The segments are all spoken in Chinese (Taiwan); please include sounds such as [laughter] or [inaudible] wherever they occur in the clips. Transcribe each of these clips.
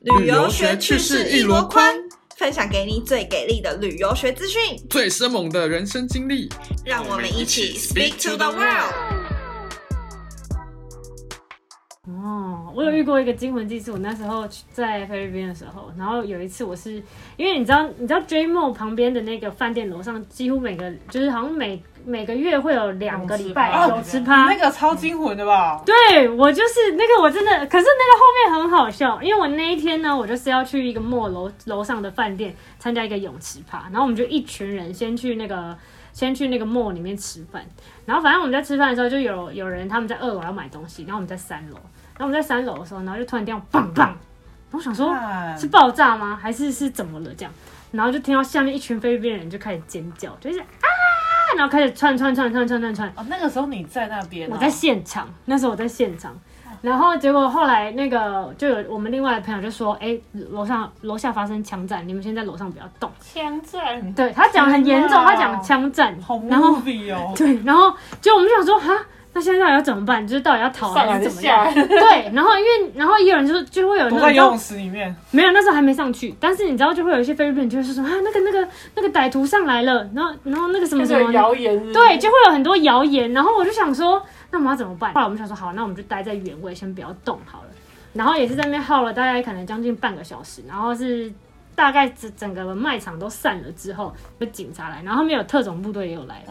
旅遊學趣事一籮筐，分享給你最給力的旅遊學資訊，最生猛的人生經歷。讓我們一起 speak to the world。哦，我有遇過一個驚魂記，是我那時候在菲律賓的時候，然後有一次我是因為你知道，你知道 j r e m o 旁邊的那個飯店樓上，幾乎每個就是好像每。每個月會有兩個禮拜泳池、嗯、趴，哦、趴那個超驚魂的吧？嗯、對，我就是那個，我真的。可是那個後面很好笑，因為我那一天呢，我就是要去一個 mall 樓樓上的飯店參加一個泳池趴，然後我們就一群人先去那個先去那個 mall 裡面吃飯，然後反正我們在吃飯的時候，就有有人他們在二樓要買東西，然後我們在三樓，然後我們在三樓的時候，然後就突然聽到棒棒，我想說是爆炸嗎？還是是怎麼了這樣？然後就聽到下面一群菲律賓人就開始尖叫，就是啊。然後開始串串串串串串串哦，那個時候你在那邊，哦，我在現場，那時候我在現場，oh. 然後結果後來那個就有我們另外的朋友就說，哎、欸，樓上樓下發生槍戰，你們先在樓上不要動，槍戰，對，他講很嚴重，喔、他講槍戰，然後，喔、對，然後結果我們就想說啊。那現在到底要怎麼辦？就是到底要逃還是怎麼樣？對，然後因為然後也有人就是就會有那個躲在游泳池裡面，沒有那時候還沒上去，但是你知道就會有一些菲律賓人就是說啊，那個那個那個歹徒上來了，然後然後那個什麼什麼謠言、就是有謠言是不是？對，就會有很多謠言，然後我就想說那我們要怎麼辦？後來我們想說好，那我們就待在原位，先不要動好了。然後也是在那耗了大概可能將近半個小時，然後是。大概整整個賣場都散了之後，就警察來，然後後面有特種部隊也有來。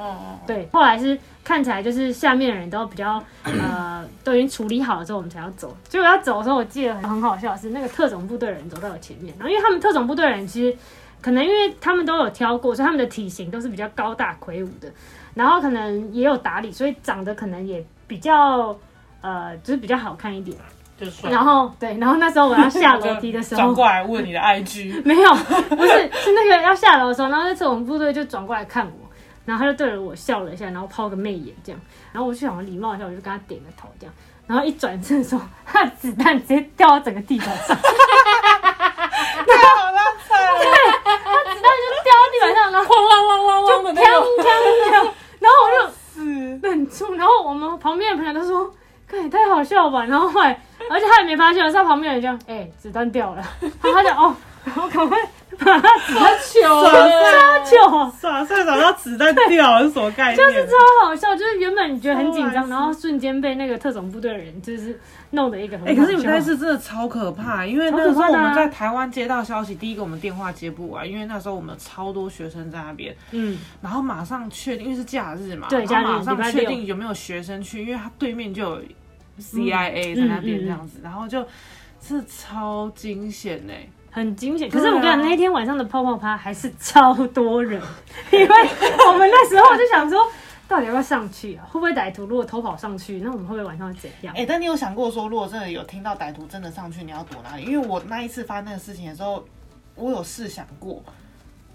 對，後來是看起來就是下面的人都比較呃，都已經處理好了之後，我們才要走。結果要走的時候，我記得很很好笑，是那個特種部隊人走到我前面，然後因為他們特種部隊人其實可能因為他們都有挑過，所以他們的體型都是比較高大魁梧的，然後可能也有打理，所以長得可能也比較呃，就是比較好看一點。就然後對，然後那時候我要下樓梯的時候， [laughs] 轉過來問你的 IG [laughs] 沒有？不是，是那個要下樓的時候，然後那次我們部隊就轉過來看我，然後他就對着我笑了一下，然後拋個媚眼這樣，然後我就想要禮貌一下，我就跟他點個頭這樣，然後一轉身的時候，他子彈直接掉到整個地板上，太好了，對他子彈就掉到地板上，然後哐啷啷啷啷的槍槍槍，然後我就死，很重。然後我們旁邊的朋友都說。太好笑吧！然後後、欸、來，而且他也沒發現，然後旁邊這樣，哎、欸，子彈掉了。 [laughs] 然後他就哦，然後趕快。哈 [laughs] 哈，耍球，耍球，耍帥耍到子彈掉， [laughs] 是什麼概念？就是超好笑，就是原本你覺得很緊張，然後瞬間被那個特種部隊的人就是弄的一個很、欸、可是你們，但是真的超可怕，因為那時候我們在台灣接到消息、嗯啊，第一個我們電話接不完，因為那時候我們超多學生在那邊，嗯，然後馬上確定，因為是假日嘛，對，然後馬上確定有沒有學生去，因為他對面就有 C I A 在、嗯、那邊這樣子，嗯嗯然後就是超驚險嘞。很驚險，可是我跟你講、啊，那一天晚上的泡泡趴還是超多人， [laughs] 因為我們那時候就想說， [laughs] 到底要不要上去啊？會不會歹徒如果偷跑上去，那我們會不會晚上會怎樣？哎、欸，但你有想過說，如果真的有聽到歹徒真的上去，你要躲哪裡？因為我那一次發生那個事情的時候，我有試想過，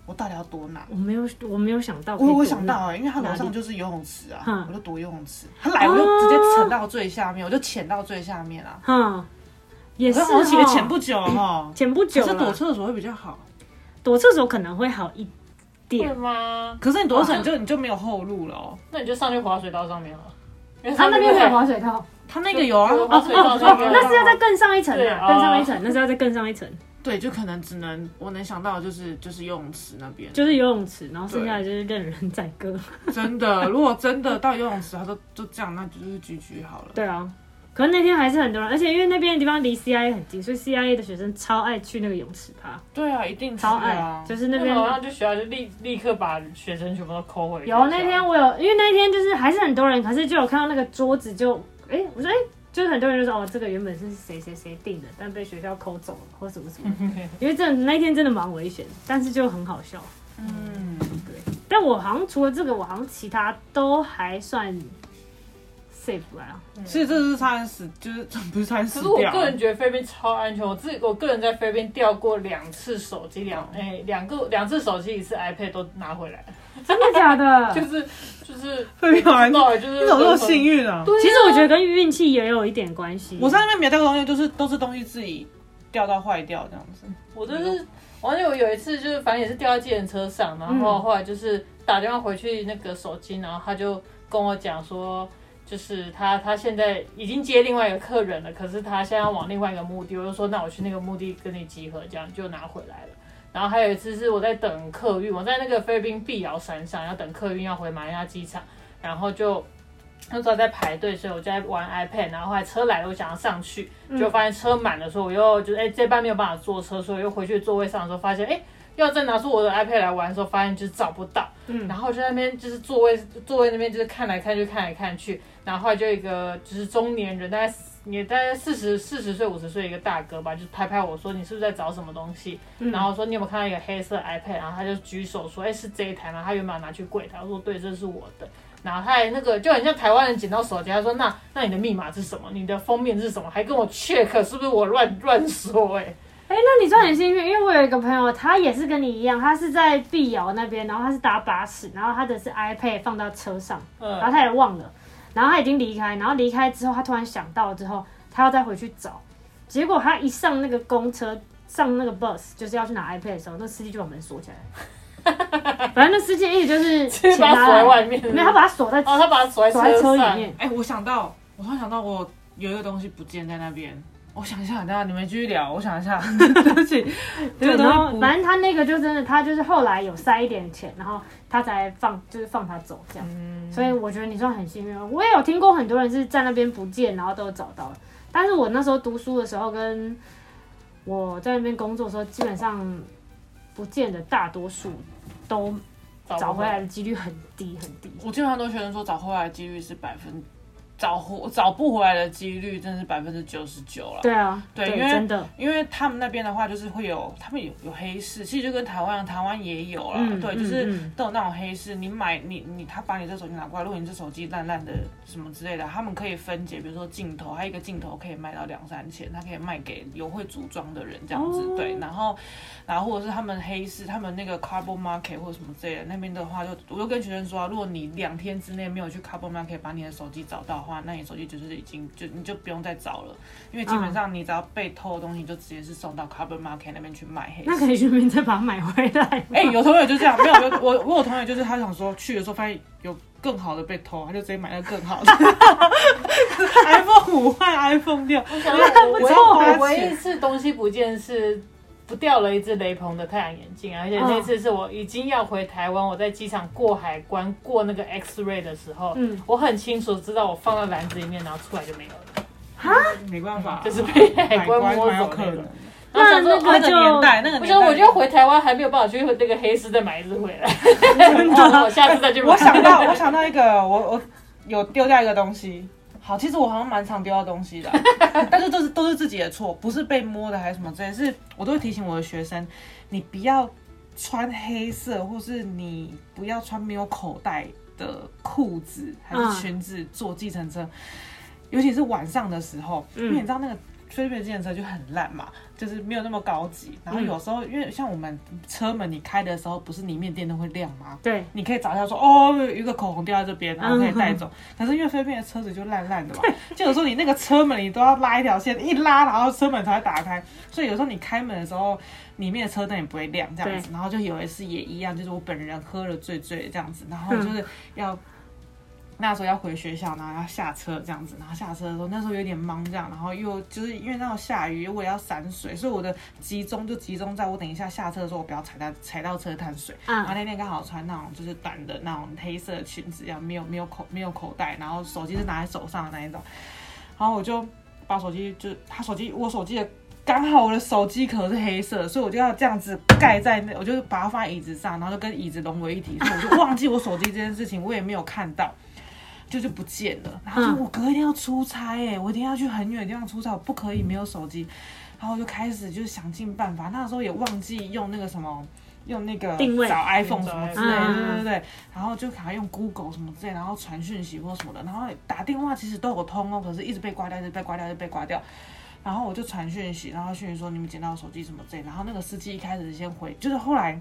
我到底要躲哪？我沒有，我沒有想到。我我想到啊、欸，因為他樓上就是游泳池啊，我就躲游泳池、啊。他來我就直接沉到最下面，啊、我就潛到最下面啊。啊也是，其實前不久哈，前不久是躲廁所會比較好，躲廁所可能會好一點。對嗎？可是你躲廁所、哦、你，你就沒有後路了哦，那你就上去滑水道上面了。他那邊沒有滑水道，他那個有啊。那是要再更上一層，更上一層，那是要再更上一層、哦。對，就可能只能我能想到的就是就是游泳池那邊，就是游泳池，然後剩下的就是任人宰割。 [laughs] 真的，如果真的到游泳池他、啊、都就，就這樣，那就是焗焗好了。對啊。可是那天還是很多人，而且因為那邊的地方離 CIA 很近，所以 CIA 的學生超愛去那個泳池趴。對啊，一定、啊、超愛，就是那邊，然後就學校就立立刻把學生全部都摳回去，有那天我有，因為那天就是還是很多人，可是就有看到那個桌子就哎、欸，我說哎、欸，就是很多人就說哦，這個原本是誰誰誰訂的，但被學校摳走了或什麼什麼。 [laughs] 因為這那天真的蠻危險，但是就很好笑嗯。嗯，對。但我好像除了這個，我好像其他都還算。save 來、啊、了、嗯啊，其實這是差點死，就是不是差點死掉。可是我個人覺得菲律賓超安全，我自己我個人在菲律賓掉過兩次手機，兩哎兩個兩次手機，一次 iPad 都拿回來。真的假的？ [laughs] 就是就是非常安全，就是你怎麼那麼幸運啊，啊。其實我覺得跟運氣也有一點關係。我在那邊沒有掉東西，就是都是東西自己掉到壞掉這樣子。我就是，我記我有一次就是，反正也是掉在計程車上，然後後來就是打電話回去那個手機，然後他就跟我講說。就是他，他現在已經接另外一個客人了，可是他現在要往另外一個目的，我就說，那我去那個目的跟你集合，這樣就拿回來了。然後還有一次是我在等客運，我在那個菲律賓碧瑤山上要等客運要回馬尼拉機場，然後就那時候在排隊，所以我在玩 iPad，然後,後來車來了，我想要上去，就發現車滿的時候，我又就哎、欸、這班沒有辦法坐車，所以又回去座位上的時候發現哎。欸要再拿出我的 iPad 來玩的時候，發現就是找不到，嗯、然後就在那邊就是座位座位，那邊就是看來看去看來看去，然後，後來就一個就是中年人，大概也大概四十四十歲五十歲一個大哥吧，就拍拍我說你是不是在找什麼東西，嗯、然後說你有沒有看到一個黑色 iPad，然後他就舉手說誒、欸，是這一台嗎？他原本有拿去櫃檯，我說對，這是我的，然後他還那個就很像台灣人撿到手機，他說那那你的密碼是什麼？你的封面是什麼？還跟我 check 是不是我亂亂說誒、欸。哎、欸，那你真的很幸運，因為我有一個朋友，他也是跟你一樣，他是在碧瑤那邊，然後他是搭巴士，然後他的是 iPad 放到車上，嗯、然後他也忘了，然後他已經離開，然後離開之後，他突然想到了之後他要再回去找，結果他一上那個公車上那個 bus 就是要去拿 iPad 的時候，那司機就把門鎖起來，反 [laughs] 正那司機一直就是他把他鎖在外面是不是，沒有他把他鎖在，哦、啊、他把他鎖在，在車裡面，哎、欸，我想到，我突然想到我有一個東西不見在那邊。我想一下，等下你們繼續聊。我想一下， [laughs] 對不起， [laughs] 對然後 [laughs] 然後，反正他那個就真的，他就是後來有塞一點錢，然後他才放，就是放他走這樣，嗯。所以我覺得你算很幸運了。我也有聽過很多人是在那邊不見，然後都找到了。但是我那時候讀書的時候跟我在那邊工作的時候，基本上不見的大多數都找回來的幾率很低很低。我經常都覺得說找回來的幾率是百分。找回找不回來的幾率真的是百分之九十九了。對啊，對，對，因為真的，因為他們那邊的話，就是會有他們有有黑市，其實就跟台灣台灣也有啊、嗯。對，就是都有那種黑市。你買你你，你他把你這手機拿過來，如果你這手機爛爛的什麼之類的，他們可以分解，比如說鏡頭，還有一個鏡頭可以賣到兩三千，他可以賣給有會組裝的人這樣子。Oh. 對，然後然後或者是他們黑市，他們那個 Carbon Market 或者什麼之類的那邊的話就，就我就跟學生說、啊，如果你兩天之內沒有去 Carbon Market 把你的手機找到。那你手機就是已經就你就不用再找了，因為基本上你只要被偷的東西，你就直接是送到 Carbon Market 那邊去賣。那可以順便再把它買回來。哎，有同學就這樣，沒有我我我有同學就是他想說去的時候發現有更好的被偷，他就直接買那個更好的 [laughs] [laughs] iPhone 6、嗯。iPhone 五換 iPhone 六。我唯我唯一一次東西不見是。不掉了一隻雷朋的太陽眼鏡，啊，而且那次是我已經要回台灣，哦,我在機場過海關，過那個 X ray 的時候，嗯，我很清楚知道我放到籃子裡面，然後出來就沒有了。哈，沒辦法，就是被海關摸走了。那那個年代，那就不是，我覺得回台灣還沒有辦法去那個黑市再買一隻回來呵呵。我下次再去買、欸。我想到，我想到一個，我我有丟掉一個東西。好，其實我好像蠻常丟到東西的，但是都是都是自己的錯，不是被摸的還是什麼之類的，是，我都會提醒我的學生，你不要穿黑色，或是你不要穿沒有口袋的褲子還是裙子坐計程車，嗯，尤其是晚上的時候，因為你知道那個。菲律賓的電車就很爛嘛，就是沒有那麼高級。然後有時候、嗯、因為像我們車門，你開的時候不是裡面電燈會亮嗎？對，你可以找一下說哦，有一個口紅掉在這邊，然後可以帶走。可、嗯、是因為菲律賓的車子就爛爛的嘛，就有時候你那個車門你都要拉一條線，一拉然後車門才會打開。所以有時候你開門的時候，裡面的車燈也不會亮這樣子。然後就有一次也一樣，就是我本人喝了醉醉這樣子，然後就是要。嗯那時候要回學校，然後要下車，這樣子，然後下車的時候，那時候有點忙，這樣，然後又就是因為那時候下雨，我也要散水，所以我的集中就集中在我等一下下車的時候，我不要踩到踩到車碳水。然後那天剛好穿那種就是短的那種黑色裙子樣，要沒有沒有口沒有口袋，然後手機是拿在手上的那一種，然後我就把手機就他手機我手機也剛好我的手機殼是黑色的，所以我就要這樣子蓋在那，我就把它放在椅子上，然後就跟椅子融為一體，所以我就忘記我手機這件事情，我也沒有看到。就就不見了，然後就我哥一定要出差，哎、欸，嗯，我一定要去很遠的地方出差，我不可以沒有手機，然後我就開始就想盡辦法，那時候也忘記用那個什麼，用那個定位找 iPhone 什麼之類的、嗯，對對對，然後就可能用 Google 什麼之類，然後傳訊息或什麼的，然後打電話其實都有通，哦、喔，可是一直被掛掉，一直被掛掉就被掛掉，掉，然後我就傳訊息，然後訊息說你們撿到我手機什麼之類，然後那個司機一開始先回，就是後來。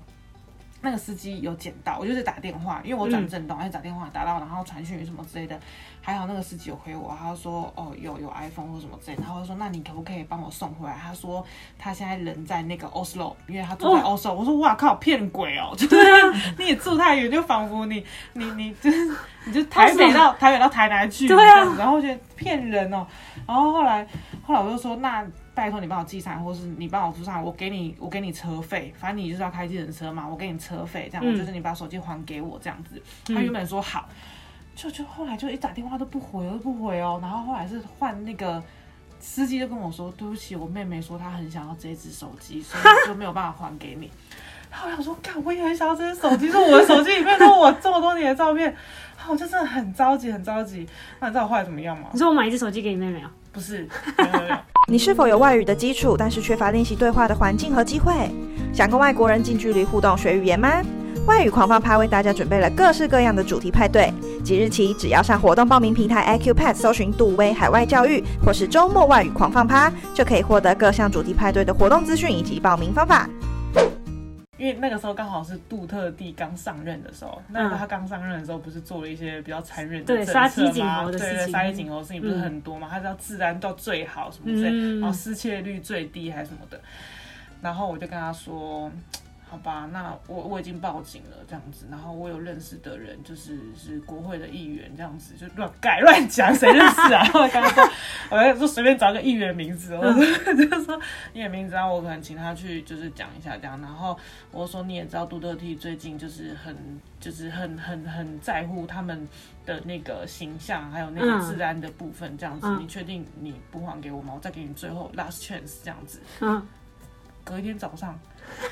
那個司機有撿到，我就是打電話，因為我轉震動、嗯，而且打電話打到，然後傳訊什麼之類的，還好那個司機有回我，他就說哦有有 iPhone 或什麼之類的，然後我說那你可不可以幫我送回來？他說他現在人在那個 Oslo，因為他住在 Oslo，、哦、我說哇靠騙鬼哦、喔就是，對啊， [laughs] 你也住太遠，就仿佛你你你就是你就台北到 Oslo，台北到台南去，對啊，然後就騙人哦、喔，然後後來後來我就說那。拜托你幫我寄上，或是你幫我租上，我給你我給你車費，反正你就是要開計程車嘛，我給你車費，這樣、嗯、就是你把手機還給我這樣子。他原本說好，就就後來就一打電話都不回、喔，都不回哦、喔。然後後來是換那個司機就跟我說，對不起，我妹妹說她很想要這只手機，所以就沒有辦法還給你。 [laughs] 後來我說，幹我也很想要這只手機，是我的手機裡面，是我這麼多年的照片。 [laughs] 我就真的很着急，很着急。那你知道我後來怎麼樣嗎？你說我買一只手機給你妹妹啊、喔？不是， [laughs] [laughs] 你是否有外語的基礎，但是缺乏練習對話的環境和機會？想跟外國人近距離互動學語言嗎？外語狂放趴為大家準備了各式各樣的主題派對，即日起只要上活動報名平台 iQ Pat 搜尋杜威海外教育”或是“周末外語狂放趴”，就可以獲得各項主題派對的活動資訊以及報名方法。因為那個時候剛好是杜特蒂剛上任的時候，嗯、那他他剛上任的時候不是做了一些比較殘忍的政策嗎？對，殺雞儆猴的事情，殺雞儆猴事情不是很多嘛，嗯，他要治安到最好什麼的，嗯，然後失竊率最低還是什麼的，然後我就跟他說。好吧，那我我已經報警了，這樣子，然後我有認識的人，就是是國會的議員，這樣子就亂改亂講，誰認識啊？ [laughs] 我剛剛我在說隨便找個議員名字，我就說、嗯、就說你也名字，然後我可能請他去，就是講一下這樣。然後我說你也知道杜特 T 最近就是很就是很很很在乎他們的那個形象，還有那個自然的部分，這樣子，嗯、你確定你不還給我嗎？我再給你最後 last chance 這樣子。嗯，隔一天早上。嗯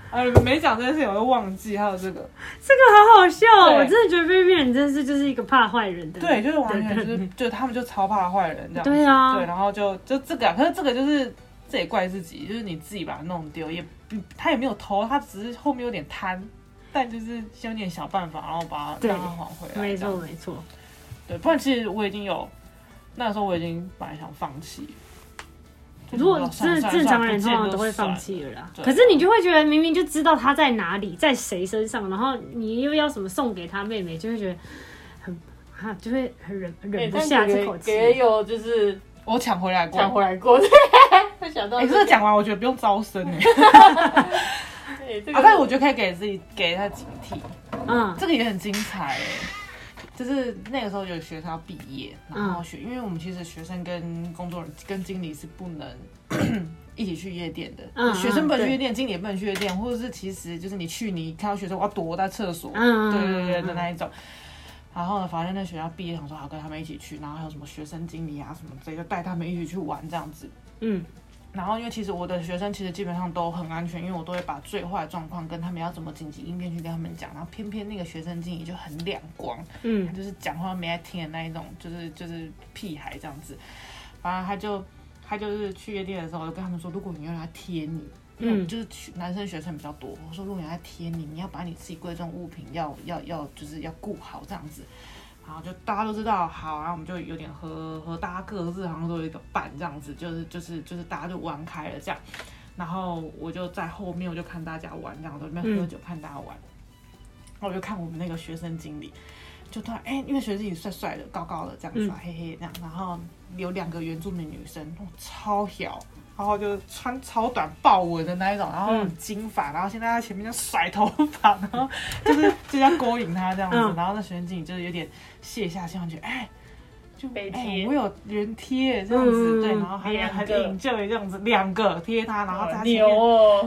呃、啊，沒講這件事我都忘記，還有這個，這個好好笑。喔，我真的覺得菲菲你真是就是一個怕壞人的，對，就是完全就是對對對，就他們就超怕壞人這樣，對啊，對，然後就就這個、啊，可是這個就是這也怪自己，就是你自己把它弄丟，也他也沒有偷，他只是後面有點貪，但就是先有點小辦法，然後把它讓他還回來，沒錯沒錯，對，不然其實我已經有那時候我已經本來想放棄。如果是正常人通常都會放棄了啦，可是你就會覺得明明就知道他在哪裡，在誰身上，然後你又要什麼送給他妹妹，就會覺得很哈，就會很忍忍不下這口氣、欸。也有就是我搶回來過。搶回來過你他講不是講完，我覺得不用招生哎、欸欸。這個、啊，但是我覺得可以給自己給他警惕。嗯，這個也很精彩、欸就是那個時候有學生要畢業，然後學、嗯，因為我們其實學生跟工作人跟經理是不能 [coughs] 一起去夜店的、嗯。學生不能去夜店，經理也不能去夜店，或者是其實就是你去，你看到學生我要躲我在廁所。嗯對,對對對的那一種。嗯、然後呢，反正那學校畢業，想說好跟他們一起去，然後還有什麼學生經理啊什麼，之類就帶他們一起去玩這樣子。嗯。然後，因為其實我的學生其實基本上都很安全，因為我都會把最壞的狀況跟他們要怎麼緊急應變去跟他們講。然後偏偏那個學生經理就很亮光，嗯，他就是講話沒在聽的那一種，就是就是屁孩這樣子。反正他就他就是去夜店的時候，我就跟他們說，如果你要他貼你，嗯，就是男生學生比較多，我說如果你要貼你，你要把你自己貴重物品要要要，就是要顧好這樣子。然後就大家都知道，好、啊，然後我們就有點和和大家各自好像都有一個伴這樣子，就是就是就是大家就玩開了這樣。然後我就在後面，我就看大家玩這樣子，裡面喝酒看大家玩、嗯。然後我就看我們那個學生經理，就突然，哎、欸，因為學生經理帥帥的，高高的這樣子，嗯、嘿嘿這樣。然後有兩個原住民女生，哦、超小。然後就穿超短豹紋的那一種，然後很金髮、嗯，然後現在他前面就甩頭髮，然後就是就在勾引他這樣子，嗯、然後那身境就是有點卸下這樣，覺得哎，就每天、哎、我有人貼這樣子、嗯，對，然後還個還頂着這樣子，兩個貼他，然後在前面撐哦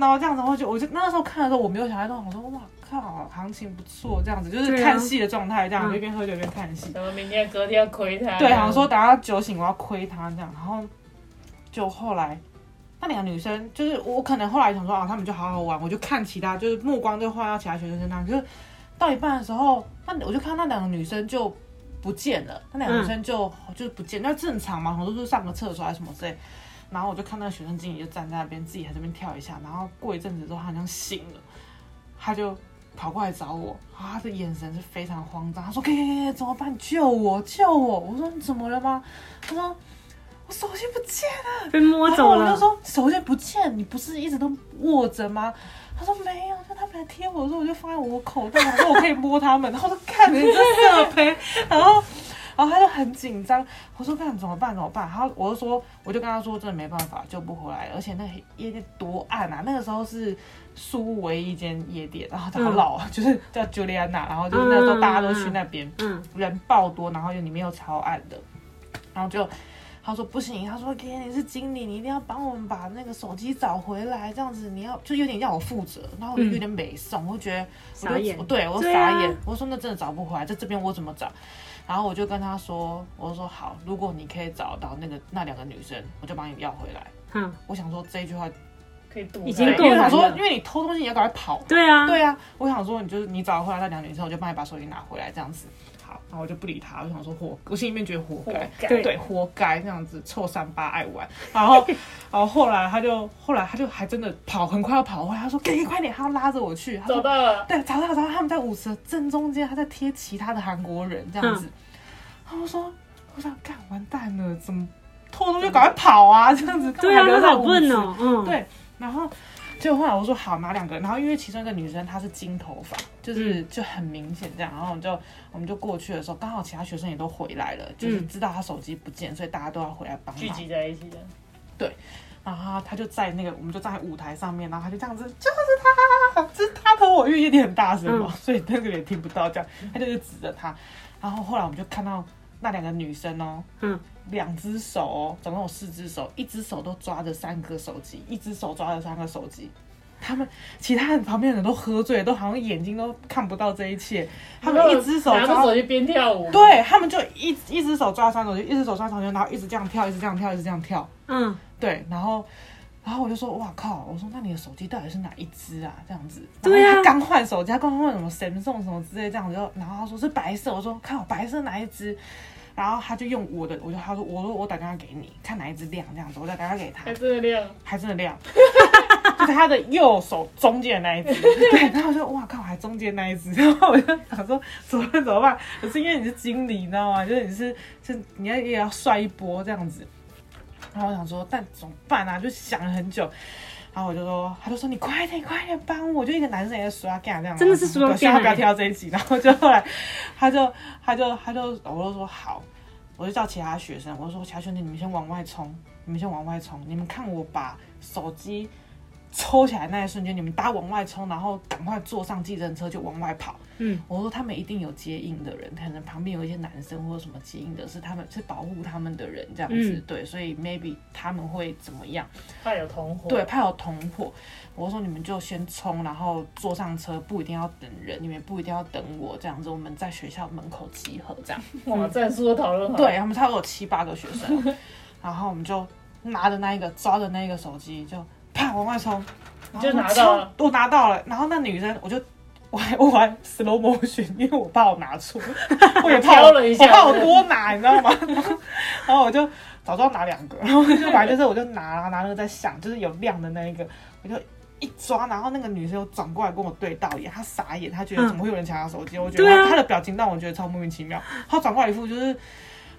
然後這樣子，我就我就那時候看的時候我沒有想太多，我說哇靠，行情不錯、嗯、這樣子，就是看戲的狀態這樣，嗯、就一邊喝酒一邊看戲。然後明天隔天要虧他、啊。對，好像說等下酒醒我要虧他這樣，然後。就後來，那兩個女生就是我，可能後來想說啊，她們就好好玩，我就看其他，就是目光就換到其他學生身上。可是到一半的時候，那我就看那兩個女生就不見了，那兩個女生就就不見、嗯，那正常嘛，我都是上個廁所還是什麼之類。然後我就看那個學生經理就站在那邊，自己在那邊跳一下。然後過一陣子之後，他好像醒了，他就跑過來找我，啊，他的眼神是非常慌張。他說：“哎哎哎，怎麼辦？救我！救我！”我說：“你怎麼了嗎？”他說。手機不見了，被摸走了。然後我就說手機不見，你不是一直都握着嗎？他說沒有，就他們來貼我的時候，我就放在我口袋。 [laughs] 我說我可以摸他們。然後我說看，你就死了 [laughs] 然後，然後他就很緊張。我說看怎麼辦？怎麼辦？然後我就說，我就跟他說，真的沒辦法，救不回來。而且那夜店多暗啊，那個時候是宿霧唯一一間夜店，然後他老、嗯、就是叫 Juliana，然後就是那時候大家都去那邊，嗯，嗯，人爆多，然後又裡面又超暗的，然後就。他說不行，他說天，你是經理，你一定要幫我們把那個手機找回來，這樣子你要就有點要我負責，然後我就有點沒送、嗯，我就覺得，我就對我傻眼、啊，我說那真的找不回來，在這邊我怎麼找？然後我就跟他說，我說好，如果你可以找到那個那兩個女生，我就幫你要回來。嗯，我想說這句話可以堵，已經夠了。我想說，因為你偷東西你要趕快跑，對啊，對啊。我想說，你就是你找回來那兩個女生，我就幫你把手機拿回來，這樣子。然後我就不理他，我想說活，我心裡面覺得活該，活該對，對，活該這樣子，臭三八愛玩。然後， [laughs] 然後後來他就，後來他就還真的跑，很快要跑回來。他說：“給給，快點，他要拉着我去。他說”找到了，對，找到了，找到他們在舞池正中間，他在貼其他的韓國人這樣子。他、嗯、們說：“我想幹完蛋了，怎麼拖著就趕快跑啊？嗯、這樣子。剛剛”對啊，他好笨呢、哦。嗯，對，然後。就後來我說好那兩個，然後因為其中一個女生她是金頭髮，就是就很明顯這樣，然後我們就我們就過去的時候，剛好其他學生也都回來了，嗯、就是知道她手機不見，所以大家都要回來幫她聚集在一起的。對，然後她就在那個，我們就站在舞台上面，然後她就這樣子，就是她，是她和我，語氣一點很大聲嘛、嗯，所以那個也聽不到這樣，她就是指着她，然後後來我們就看到那兩個女生哦、喔，嗯。兩隻手哦，總共有四隻手，一隻手都抓着三個手機，一隻手抓着三個手機。他們其他旁邊人都喝醉，都好像眼睛都看不到這一切。他們一隻手抓著手機邊跳舞，對，他們就一一隻手抓三個手機，一隻手抓三手機，然後一直這樣跳，一直這樣跳，一直這樣跳。嗯，對，然後然後我就說，哇靠！我說那你的手機到底是哪一隻啊？這樣子，對呀，剛換手機，剛換什麼 Samsung 什麼之類這樣子，然後他說是白色，我說看我白色哪一隻？然後他就用我的，我就他說，我說我打電話給你，看哪一只亮這樣子，我再打給他，還真的亮，還真的亮， [laughs] [laughs] 就是他的右手中間那一隻， [laughs] 對，然後我說哇靠，我還中間那一隻，然後我就想說怎麼辦怎麼辦，可是因為你是經理你知道嗎？就是你是，就是、你要也要帥一波這樣子。然後我想說，但怎麼辦啊？就想了很久，然後我就說，他就說你快點，快點幫我。就一個男生也在刷啊，這樣真的是刷架。嗯嗯、不要跳到這一集。然後就後來，他就他就他就我就說好，我就叫其他學生，我就說其他兄弟你們先往外衝，你們先往外衝，你們看我把手機抽起來那一瞬間，你們大家往外衝，然後趕快坐上計程車就往外跑。嗯，我說他們一定有接應的人，可能旁邊有一些男生或者什麼接應的，是他們是保護他們的人這樣子、嗯。對，所以 maybe 他們會怎麼樣？怕有同夥。對，怕有，有同夥。我說你們就先衝，然後坐上車，不一定要等人，你們不一定要等我這樣子。我們在學校門口集合這樣。我們在宿舍討論。對，他們差不多有七八個學生， [laughs] 然後我們就拿着那一個抓着那一個手機就。往外衝！我就拿到了，我拿到了。然後那女生，我就我還我還 slow motion，因為我怕我拿錯，我也怕我，我怕我多拿，你知道嗎？然後我就早知道拿兩個，然後就反正就是，我就拿拿那個在響，就是有亮的那一個，我就一抓，然後那個女生又轉過來跟我對道眼，她傻眼，她覺得怎麼會有人搶她手機？我覺得她的表情讓我覺得超莫名其妙。她轉過來一副就是，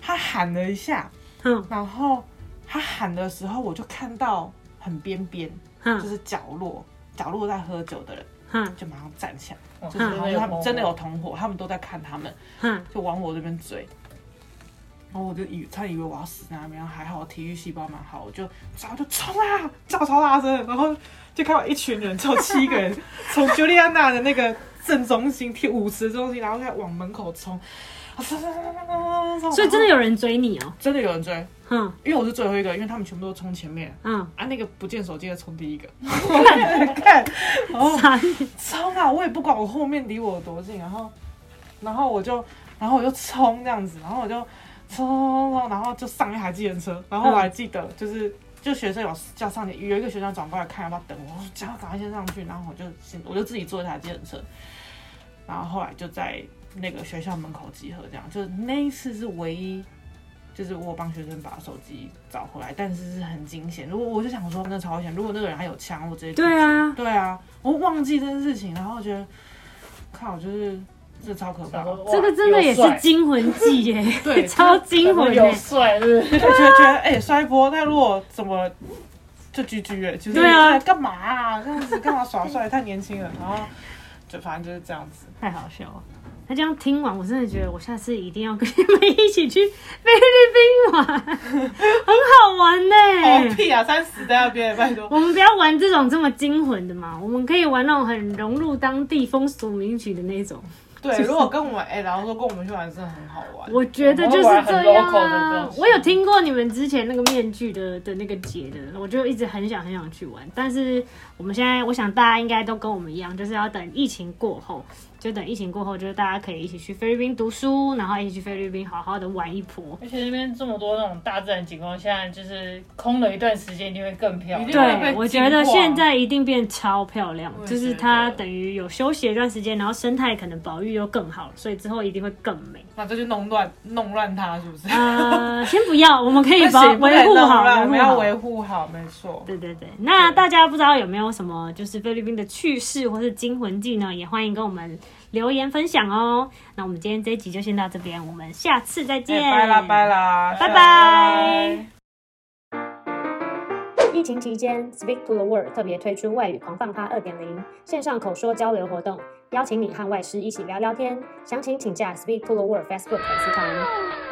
她喊了一下，然後她喊的時候，我就看到。很邊邊、嗯，就是角落，角落在喝酒的人，嗯、就馬上站起來、嗯，就是他們真的有同夥，嗯、他們都在看他們，嗯、就往我這邊追，然後我就以他以為我要死在那邊，還好體育細胞蠻好，我就然後就衝啊，叫超大聲，然後就看到一群人，就七個人從 [laughs] Juliana 的那個正中心舞池中心，然後再往門口衝，所以真的有人追你哦、喔，真的有人追。嗯，因為我是最後一個，因為他們全部都衝前面。嗯啊，那個不見手機的衝第一個， [laughs] [laughs] 看，看，衝啊！我也不管我後面離我有多近，然後，然後我就，然後我就衝這樣子，然後我就衝衝衝，然後就上一台計程車，然後我還記得，就是、嗯、就學生有叫上你，有一個學生轉過來看要不要等我，講趕快先上去，然後我就先我就自己坐一台計程車，然後後來就在那個學校門口集合，這樣，就那一次是唯一。就是我幫學生把手機找回來，但是是很驚險。如果我就想說，真的超危險。如果那個人還有槍，我直接對啊，對啊，我忘記這件事情，然後覺得靠，就是這超可怕。這個真的也是驚魂記耶， [laughs] 對，超驚魂。有帥是,是對、啊、 [laughs] 覺得覺得哎，帥、欸、哥，那如果怎麼就狙狙耶？就是幹、啊、嘛啊？這樣子幹嘛耍帥？ [laughs] 太年輕了，然後就反正就是這樣子，太好笑了。他這樣聽完，我真的覺得我下次一定要跟你們一起去菲律賓玩， [laughs] 很好玩呢。好屁啊，三十的別人都。我們不要玩這種這麼驚魂的嘛，我們可以玩那種很融入當地風俗民情的那種。對，如果跟我們哎，然後說跟我們去玩是很好玩。我覺得就是這樣啊。我有聽過你們之前那個面具的的那個節的，我就一直很想很想去玩。但是我們現在，我想大家應該都跟我們一樣，就是要等疫情過後。就等疫情過後，就是大家可以一起去菲律賓讀書，然後一起去菲律賓好好的玩一波。而且那邊這麼多那種大自然景觀，現在就是空了一段時間，一定會更漂亮。對，我覺得現在一定變超漂亮，是就是它等於有休息一段時間，然後生態可能保育又更好了，所以之後一定會更美。那這就弄亂弄亂它是不是？呃，先不要，我們可以保，維護好了，我們要維護好，沒錯。對對對，那大家不知道有沒有什麼就是菲律賓的趣事或是驚魂記呢？也歡迎跟我們。留言分享哦，那我們今天這一集就先到這邊，我們下次再見。拜啦拜啦，拜拜。疫情期間，Speak to the World 特別推出外語狂放趴二點零線上口說交流活動，邀請你和外師一起聊聊天。詳情請加 Speak to the World Facebook 粉絲團。